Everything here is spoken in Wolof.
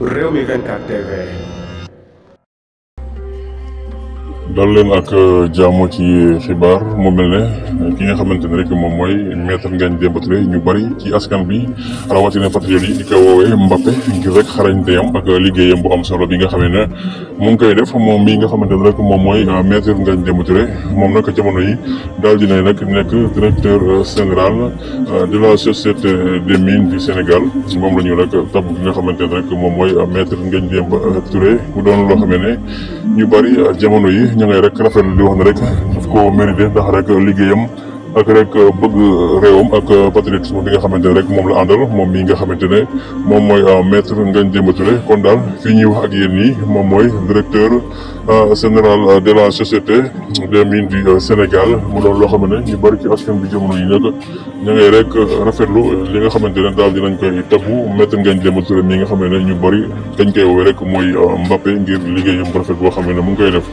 Rewmi 24 TV dal ak jamo ci xibar mo melne ki nga xamantene rek mom moy maître ngagne demba ñu bari ci askan bi rawatin patriote yi di ko wowe mbappe ngir rek xarañteyam ak liggéeyam bu am solo bi nga xamee ne mu ngi koy def mom mi nga xamantene rek mom moy maître ngagne demba mom nak nag jamono yi dal dina nak nek directeur général euh, de la société des mines du sénégal moom la ñu nag nga xamantene rek mom moy maître ngagne demba doon lo ñu bari jamono yi ñu ngay rek rafetlu di wax ne rek daf ko mérité ndax rek liggéeyam ak rek bëgg réewam ak patriotisme bi nga xamante ne rek moom la àndal moom mii nga xamante ne moom mooy euh, maître Ngagne Demba Touré kon daal fii ñuy wax ak yéen nii moom mooy directeur euh, général de la société des mines du euh, Sénégal mu doon loo xam ne ñu ci askan bi yi nag ñu ngay rek rafetlu li nga xamante ne daal dinañ koy tabbu maître jëm Demba Touré mii nga xam ne ñu bari dañ koy woowee rek mooy Mbappé ngir liggéey bu rafet boo xam ne mu ngi koy def.